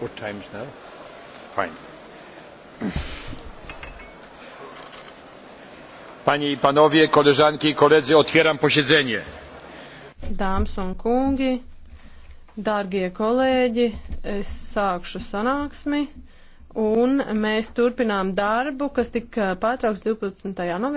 What time's now? Fine. Panie i panowie, koleżanki i koledzy, otwieram posiedzenie. Dāmas un kungi, dārgie kolēģi, es sākšu sanāksmi un mēs turpinām darbu, kas tika pārtrauks 12. novembrī.